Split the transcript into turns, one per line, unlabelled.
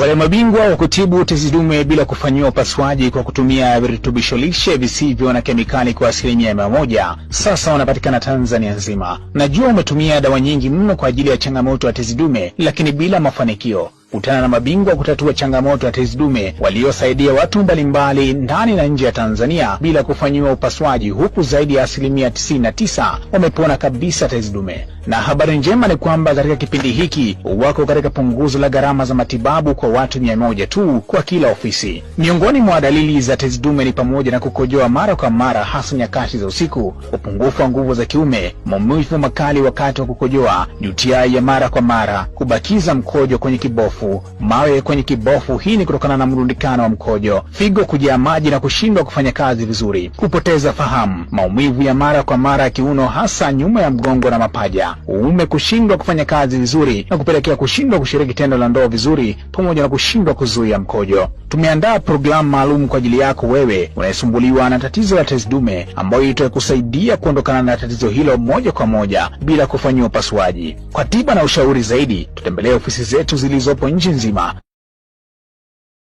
Wale mabingwa wa kutibu tezi dume bila kufanyiwa upasuaji kwa kutumia virutubisho lishe visivyo na kemikali kwa asilimia mia moja sasa wanapatikana Tanzania nzima. Najua umetumia dawa nyingi mno kwa ajili ya changamoto ya tezi dume, lakini bila mafanikio. Kutana na mabingwa kutatua changamoto ya tezi dume waliosaidia watu mbalimbali ndani na nje ya Tanzania bila kufanyiwa upasuaji, huku zaidi ya asilimia 99 wamepona kabisa tezi dume. Na habari njema ni kwamba katika kipindi hiki wako katika punguzo la gharama za matibabu kwa watu mia moja tu kwa kila ofisi. Miongoni mwa dalili za tezi dume ni pamoja na kukojoa mara kwa mara, hasa nyakati za usiku, upungufu wa nguvu za kiume, maumivu makali wakati wa kukojoa, UTI ya mara kwa mara, kubakiza mkojo kwenye kibofu, mawe kwenye kibofu. Hii ni kutokana na mrundikano wa mkojo, figo kujaa maji na kushindwa kufanya kazi vizuri, kupoteza fahamu, maumivu ya mara kwa mara ya kiuno, hasa nyuma ya mgongo na mapaja uume kushindwa kufanya kazi vizuri na kupelekea kushindwa kushiriki tendo la ndoa vizuri pamoja na kushindwa kuzuia mkojo. Tumeandaa programu maalum kwa ajili yako wewe unayesumbuliwa na tatizo la tezi dume ambayo itakusaidia kuondokana na tatizo hilo moja kwa moja bila kufanyiwa upasuaji. Kwa tiba na ushauri zaidi, tutembelee ofisi zetu zilizopo nchi nzima.